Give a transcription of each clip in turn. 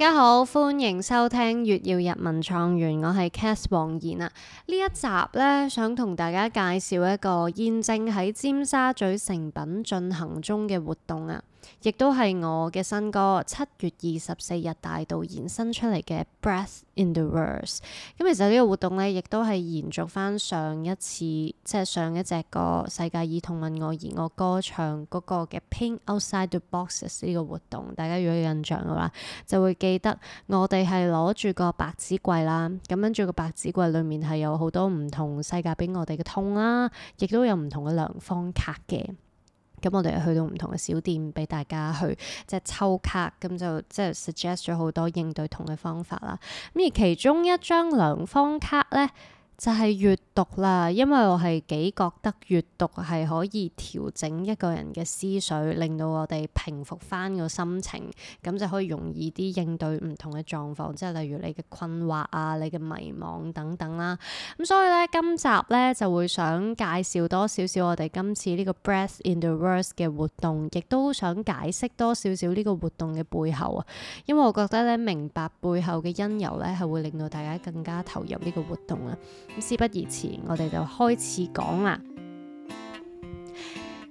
大家好，歡迎收聽《粵曜日文創園》，我係 Cath 黃妍啊。呢一集咧，想同大家介紹一個現正喺尖沙咀誠品進行中嘅活動啊。亦都係我嘅新歌七月二十四日大道延伸出嚟嘅 Breathe in the Words。咁其實呢個活動咧，亦都係延續翻上一次，即係上一隻歌世界以痛吻我而我歌唱嗰、那個嘅 Paint Outside the Boxes 呢、這個活動。大家如果有印象嘅話，就會記得我哋係攞住個白紙櫃啦，咁跟住個白紙櫃裏面係有好多唔同世界俾我哋嘅痛啦，亦都有唔同嘅良方卡嘅。咁我哋去到唔同嘅小店，俾大家去即係、就是、抽卡，咁就即係 suggest 咗好多應對同嘅方法啦。咁而其中一張良方卡呢，就係閱讀啦，因為我係幾覺得閱讀係可以調整一個人嘅思緒，令到我哋平復翻個心情，咁就可以容易啲應對唔同嘅狀況，即係例如你嘅困惑啊、你嘅迷惘等等啦。咁、嗯、所以呢，今集呢就會想介紹多少少我哋今次呢個 Breathe in the Words 嘅活動，亦都想解釋多少少呢個活動嘅背後啊，因為我覺得呢，明白背後嘅因由呢，係會令到大家更加投入呢個活動啊。咁事不宜遲，我哋就開始講啦。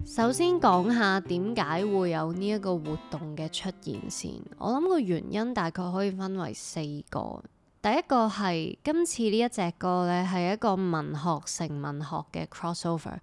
首先講下點解會有呢一個活動嘅出現先。我諗個原因大概可以分為四個。第一個係今次呢一隻歌咧，係一個文學成文學嘅 crossover。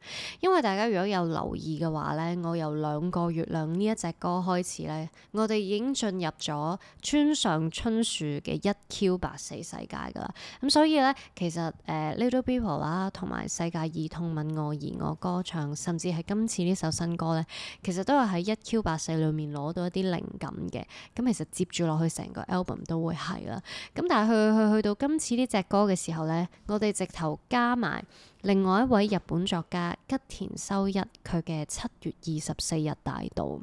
因為大家如果有留意嘅話咧，我由兩個月亮呢一隻歌開始咧，我哋已經進入咗《村上春樹》嘅一 Q 八四世界㗎喇。咁、嗯、所以咧，其實誒、呃、Little People 啦，同埋《世界兒童問我而我歌唱》，甚至係今次呢首新歌咧，其實都係喺一 Q 八四裏面攞到一啲靈感嘅。咁、嗯、其實接住落去成個 album 都會係啦。咁、嗯、但係佢。佢去到今次呢隻歌嘅時候呢，我哋直頭加埋另外一位日本作家吉田修一佢嘅七月二十四日大道。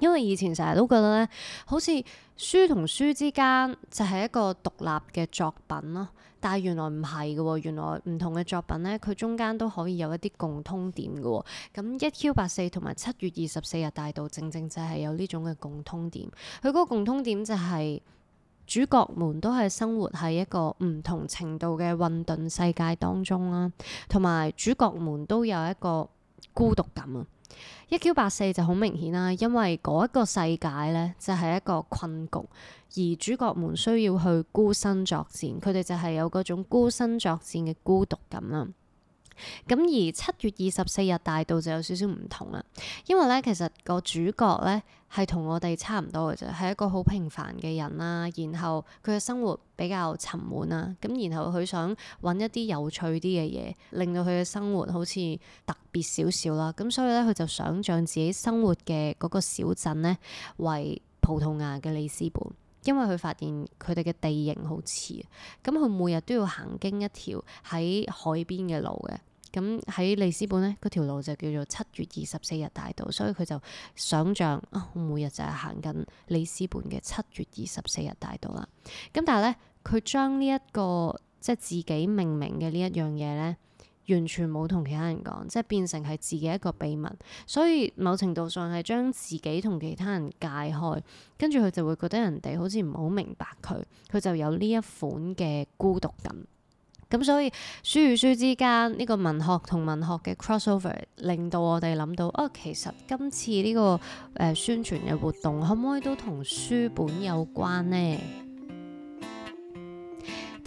因為以前成日都覺得呢，好似書同書之間就係一個獨立嘅作品咯。但係原來唔係嘅，原來唔同嘅作品呢，佢中間都可以有一啲共通點嘅。咁一 Q 八四同埋七月二十四日大道，正正就係有呢種嘅共通點。佢嗰個共通點就係、是。主角們都係生活喺一個唔同程度嘅混沌世界當中啦，同埋主角們都有一個孤獨感啊。一 Q 八四就好明顯啦，因為嗰一個世界咧就係一個困局，而主角們需要去孤身作戰，佢哋就係有嗰種孤身作戰嘅孤獨感啦。咁而七月二十四日大道就有少少唔同啦，因為咧其實個主角咧係同我哋差唔多嘅啫，係一個好平凡嘅人啦。然後佢嘅生活比較沉悶啦，咁然後佢想揾一啲有趣啲嘅嘢，令到佢嘅生活好似特別少少啦。咁所以咧，佢就想象自己生活嘅嗰個小鎮咧，為葡萄牙嘅里斯本。因為佢發現佢哋嘅地形好似，咁佢每日都要行經一條喺海邊嘅路嘅，咁喺里斯本咧，嗰條路就叫做七月二十四日大道，所以佢就想像啊，哦、每日就係行緊里斯本嘅七月二十四日大道啦。咁但係咧，佢將呢一個即係、就是、自己命名嘅呢一樣嘢咧。完全冇同其他人講，即係變成係自己一個秘密，所以某程度上係將自己同其他人解開，跟住佢就會覺得人哋好似唔好明白佢，佢就有呢一款嘅孤獨感。咁所以書與書之間呢個文學同文學嘅 crossover，令到我哋諗到哦，其實今次呢個誒、呃、宣傳嘅活動可唔可以都同書本有關呢？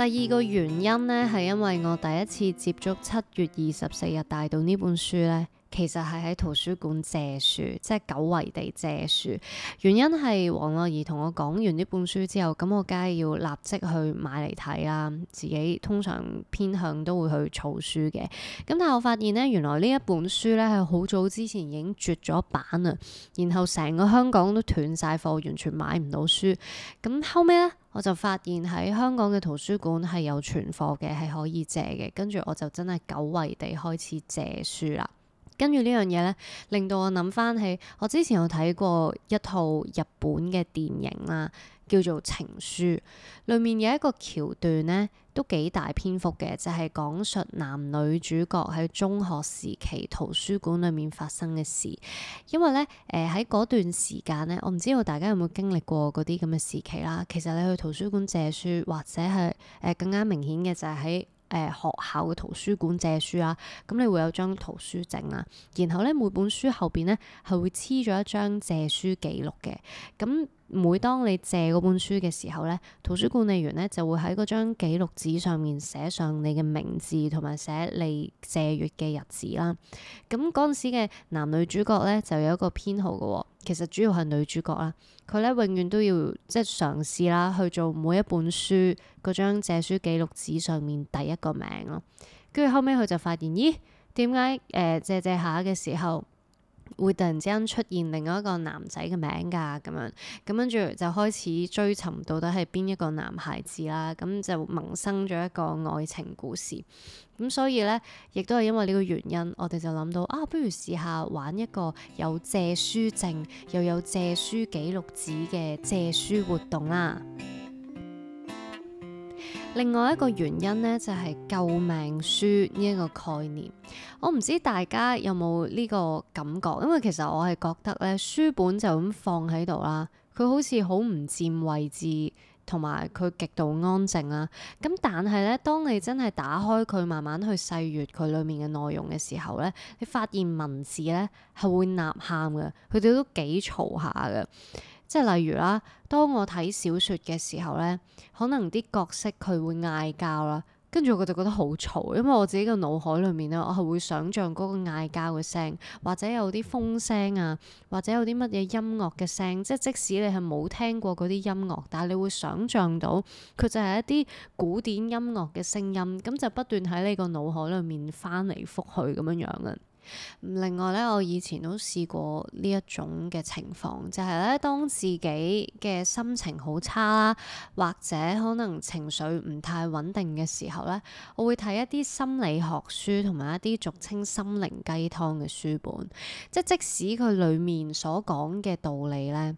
第二個原因呢，係因為我第一次接觸七月二十四日大道呢本書呢。其實係喺圖書館借書，即係久違地借書。原因係王樂儀同我講完呢本書之後，咁我梗係要立即去買嚟睇啦。自己通常偏向都會去儲書嘅，咁但係我發現呢，原來呢一本書呢係好早之前已經絕咗版啊，然後成個香港都斷晒貨，完全買唔到書。咁後尾呢，我就發現喺香港嘅圖書館係有存貨嘅，係可以借嘅，跟住我就真係久違地開始借書啦。跟住呢樣嘢咧，令到我諗返起，我之前有睇過一套日本嘅電影啦，叫做《情書》，裡面有一個橋段咧，都幾大篇幅嘅，就係、是、講述男女主角喺中學時期圖書館裡面發生嘅事。因為咧，誒喺嗰段時間咧，我唔知道大家有冇經歷過嗰啲咁嘅時期啦。其實你去圖書館借書，或者係誒、呃、更加明顯嘅就係喺誒學校嘅圖書館借書啊，咁你會有張圖書證啦，啊，然後咧每本書後邊咧係會黐咗一張借書記錄嘅，咁。每當你借嗰本書嘅時候咧，圖書管理員咧就會喺嗰張記錄紙上面寫上你嘅名字，同埋寫你借閱嘅日子啦。咁嗰陣時嘅男女主角咧就有一個編號嘅，其實主要係女主角啦。佢咧永遠都要即係、就是、嘗試啦，去做每一本書嗰張借書記錄紙上面第一個名咯。跟住後尾，佢就發現，咦點解誒借借下嘅時候，會突然之間出現另外一個男仔嘅名㗎咁樣，咁跟住就開始追尋到底係邊一個男孩子啦，咁就萌生咗一個愛情故事。咁所以呢，亦都係因為呢個原因，我哋就諗到啊，不如試下玩一個有借書證又有借書記錄紙嘅借書活動啦。另外一個原因呢，就係、是、救命書呢一個概念。我唔知大家有冇呢個感覺，因為其實我係覺得咧，書本就咁放喺度啦，佢好似好唔佔位置，同埋佢極度安靜啦、啊。咁但係呢，當你真係打開佢，慢慢去細閱佢裡面嘅內容嘅時候呢，你發現文字呢係會吶喊嘅，佢哋都幾嘈下嘅。即係例如啦，當我睇小說嘅時候咧，可能啲角色佢會嗌交啦，跟住我就覺得好嘈，因為我自己嘅腦海裡面咧，我係會想像嗰個嗌交嘅聲，或者有啲風聲啊，或者有啲乜嘢音樂嘅聲，即即使你係冇聽過嗰啲音樂，但係你會想像到佢就係一啲古典音樂嘅聲音，咁就不斷喺你個腦海裡面翻嚟覆去咁樣樣嘅。另外咧，我以前都試過呢一種嘅情況，就係咧，當自己嘅心情好差啦，或者可能情緒唔太穩定嘅時候咧，我會睇一啲心理學書同埋一啲俗稱心靈雞湯嘅書本，即係即使佢裏面所講嘅道理咧。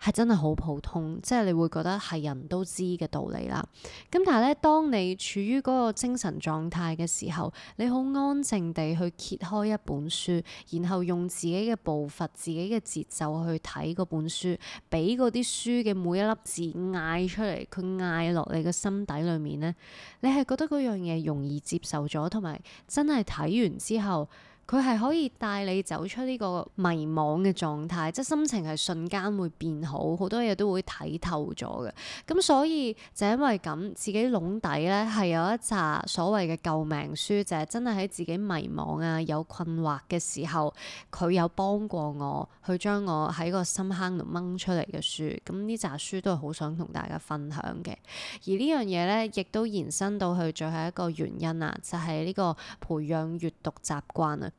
係真係好普通，即係你會覺得係人都知嘅道理啦。咁但係咧，當你處於嗰個精神狀態嘅時候，你好安靜地去揭開一本書，然後用自己嘅步伐、自己嘅節奏去睇嗰本書，俾嗰啲書嘅每一粒字嗌出嚟，佢嗌落你嘅心底裡面咧，你係覺得嗰樣嘢容易接受咗，同埋真係睇完之後。佢係可以帶你走出呢個迷惘嘅狀態，即係心情係瞬間會變好，好多嘢都會睇透咗嘅。咁所以就因為咁，自己籠底咧係有一扎所謂嘅救命書，就係真係喺自己迷惘啊、有困惑嘅時候，佢有幫過我，去將我喺個深坑度掹出嚟嘅書。咁呢扎書都係好想同大家分享嘅。而呢樣嘢咧，亦都延伸到去最後一個原因啊，就係呢個培養閱讀習慣啊。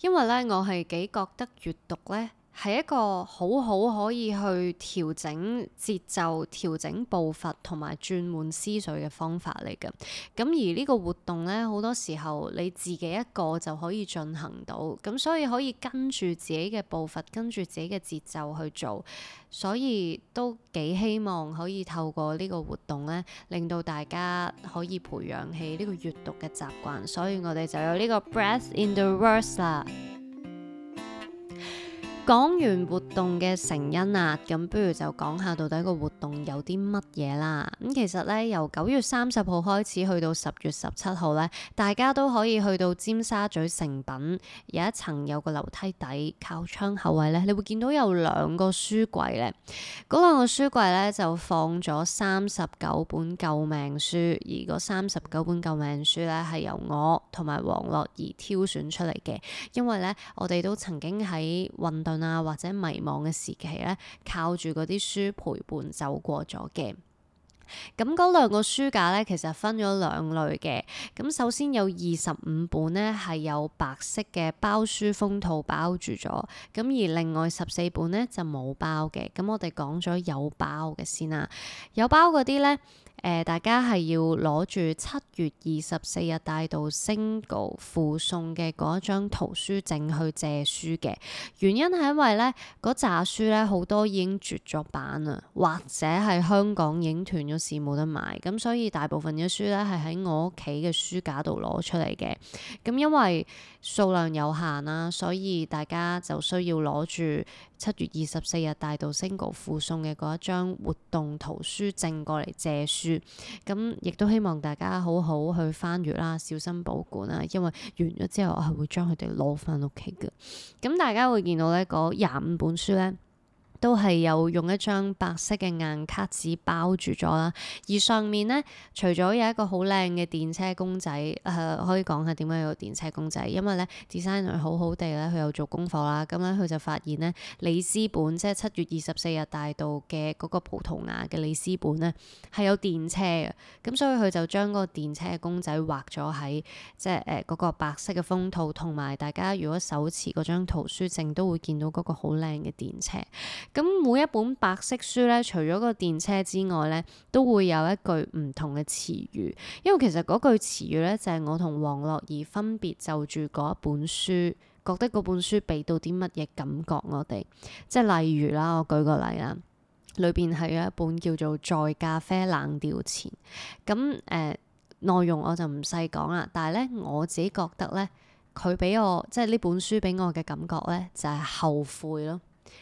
因為呢，我係幾覺得閱讀呢，係一個好好可以去調整節奏、調整步伐同埋轉換思緒嘅方法嚟嘅。咁而呢個活動呢，好多時候你自己一個就可以進行到，咁所以可以跟住自己嘅步伐、跟住自己嘅節奏去做。所以都幾希望可以透過呢個活動呢，令到大家可以培養起呢個閱讀嘅習慣。所以我哋就有呢個 Breathe in the Words 啦。講完活動嘅成因啦、啊，咁不如就講下到底個活動有啲乜嘢啦。咁其實呢，由九月三十號開始去到十月十七號呢，大家都可以去到尖沙咀誠品有一層有個樓梯底靠窗口位呢，你會見到有兩個書櫃呢，嗰兩個書櫃呢就放咗三十九本救命書，而嗰三十九本救命書呢，係由我同埋王樂儀挑選出嚟嘅，因為呢，我哋都曾經喺運動，或者迷茫嘅時期咧，靠住嗰啲書陪伴走過咗嘅。咁嗰兩個書架咧，其實分咗兩類嘅。咁首先有二十五本呢，係有白色嘅包書封套包住咗。咁而另外十四本呢，就冇包嘅。咁我哋講咗有包嘅先啦。有包嗰啲呢。誒、呃，大家係要攞住七月二十四日大 single 附送嘅嗰張圖書證去借書嘅。原因係因為咧，嗰紮書咧好多已經絕咗版啦，或者係香港影斷咗市冇得賣，咁所以大部分嘅書咧係喺我屋企嘅書架度攞出嚟嘅。咁因為數量有限啦、啊，所以大家就需要攞住。七月二十四日帶到 single 附送嘅嗰一張活動圖書證過嚟借書，咁亦都希望大家好好去翻閱啦，小心保管啦，因為完咗之後我係會將佢哋攞翻屋企嘅。咁大家會見到咧，嗰廿五本書咧，都係有用一張白色嘅硬卡紙包住咗啦，而上面呢，除咗有一個好靚嘅電車公仔，誒、呃、可以講下點解有個電車公仔？因為呢 designer 好好地咧，佢有做功課啦，咁咧佢就發現呢，里斯本即係七月二十四日大道嘅嗰個葡萄牙嘅里斯本呢，係有電車嘅，咁所以佢就將嗰個電車公仔畫咗喺即係誒嗰個白色嘅封套，同埋大家如果手持嗰張圖書證都會見到嗰個好靚嘅電車。咁每一本白色書咧，除咗個電車之外咧，都會有一句唔同嘅詞語。因為其實嗰句詞語咧，就係我同王樂儀分別就住嗰一本書，覺得嗰本書俾到啲乜嘢感覺我哋。即係例如啦，我舉個例啦，裏邊係有一本叫做《在咖啡冷掉前》。咁誒、呃、內容我就唔細講啦，但係咧我自己覺得咧，佢俾我即係呢本書俾我嘅感覺咧，就係、是、後悔咯。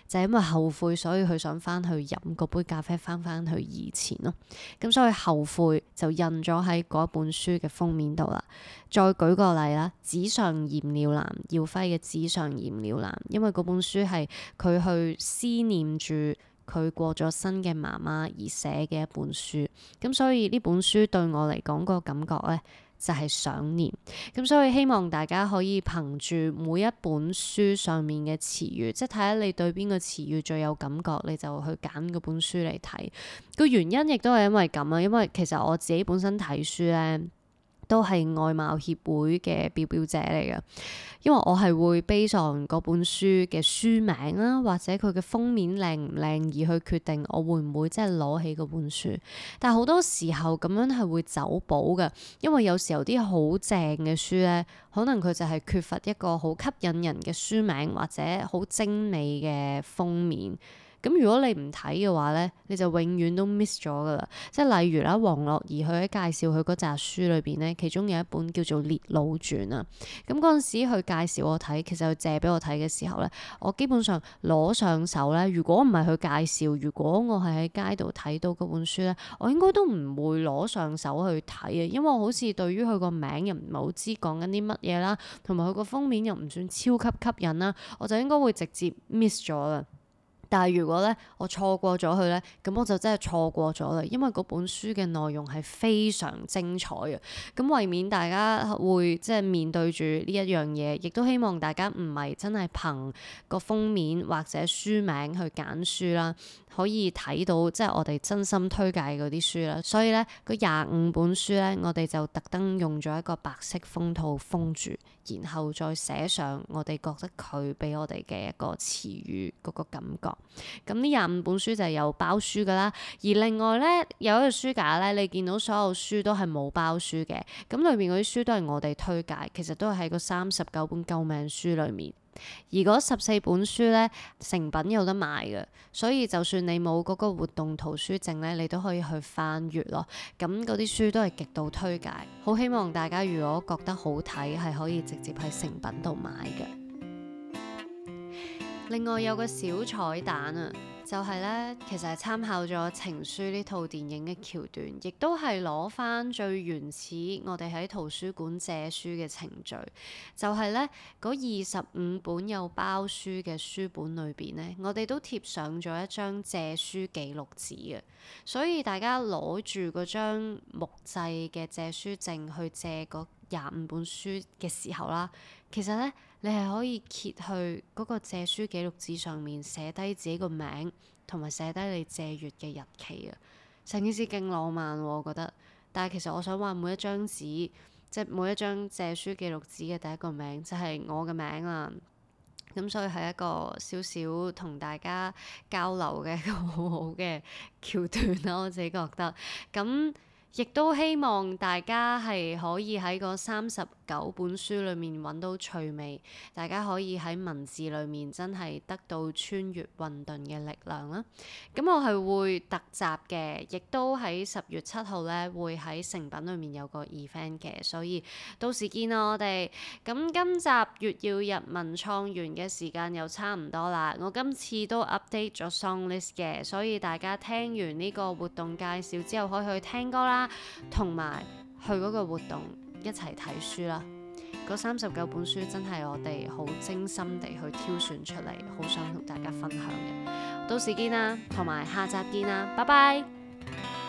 就係因為後悔，所以佢想返去飲嗰杯咖啡，返返去以前咯。咁所以後悔就印咗喺嗰本書嘅封面度啦。再舉個例啦，《紙上染藍》耀輝嘅《紙上染藍》，因為嗰本書係佢去思念住佢過咗身嘅媽媽而寫嘅一本書，咁所以呢本書對我嚟講個感覺咧，就係想念，咁所以希望大家可以憑住每一本書上面嘅詞語，即係睇下你對邊個詞語最有感覺，你就去揀嗰本書嚟睇。個原因亦都係因為咁啊，因為其實我自己本身睇書呢。都係外貌協會嘅表表姐嚟嘅，因為我係會基於嗰本書嘅書名啦，或者佢嘅封面靚唔靚而去決定我會唔會真係攞起嗰本書。但係好多時候咁樣係會走寶嘅，因為有時候啲好正嘅書呢，可能佢就係缺乏一個好吸引人嘅書名或者好精美嘅封面。咁如果你唔睇嘅話咧，你就永遠都 miss 咗噶啦。即係例如啦，王樂儀佢喺介紹佢嗰紮書裏邊咧，其中有一本叫做《列腦傳》啊。咁嗰陣時佢介紹我睇，其實佢借俾我睇嘅時候咧，我基本上攞上手咧。如果唔係佢介紹，如果我係喺街度睇到嗰本書咧，我應該都唔會攞上手去睇啊，因為我好似對於佢個名又唔係好知講緊啲乜嘢啦，同埋佢個封面又唔算超級吸引啦，我就應該會直接 miss 咗啦。但係如果咧我錯過咗佢咧，咁我就真係錯過咗啦。因為嗰本書嘅內容係非常精彩嘅。咁為免大家會即係面對住呢一樣嘢，亦都希望大家唔係真係憑個封面或者書名去揀書啦，可以睇到即係、就是、我哋真心推介嗰啲書啦。所以咧嗰廿五本書咧，我哋就特登用咗一個白色封套封住，然後再寫上我哋覺得佢俾我哋嘅一個詞語嗰個感覺。咁呢廿五本書就係有包書㗎啦，而另外呢，有一個書架呢，你見到所有書都係冇包書嘅，咁裏面嗰啲書都係我哋推介，其實都係喺個三十九本救命書裏面，而嗰十四本書呢，誠品有得賣嘅，所以就算你冇嗰個活動圖書證呢，你都可以去翻閱咯。咁嗰啲書都係極度推介，好希望大家如果覺得好睇，係可以直接喺誠品度買嘅。另外有個小彩蛋啊，就係呢，其實係參考咗《情書》呢套電影嘅橋段，亦都係攞翻最原始我哋喺圖書館借書嘅程序，就係呢，嗰二十五本有包書嘅書本裏邊呢，我哋都貼上咗一張借書記錄紙啊，所以大家攞住嗰張木製嘅借書證去借嗰廿五本書嘅時候啦，其實呢，你係可以揭去嗰個借書記錄紙上面寫低自己個名，同埋寫低你借閱嘅日期啊！成件事勁浪漫喎，我覺得。但係其實我想話，每一張紙，即係每一張借書記錄紙嘅第一個名，就係我嘅名啊。咁所以係一個少少同大家交流嘅一個好好嘅橋段啦，我自己覺得。咁亦都希望大家係可以喺嗰三十九本書裏面揾到趣味，大家可以喺文字裏面真係得到穿越混沌嘅力量啦。咁我係會特集嘅，亦都喺十月七號呢會喺誠品裏面有個 event 嘅，所以到時見咯我哋。咁今集越要入文創園嘅時間又差唔多啦，我今次都 update 咗 song list 嘅，所以大家聽完呢個活動介紹之後，可以去聽歌啦，同埋去嗰個活動。一齊睇書啦！嗰三十九本書真係我哋好精心地去挑選出嚟，好想同大家分享嘅。到時見啦，同埋下集見啦，拜拜！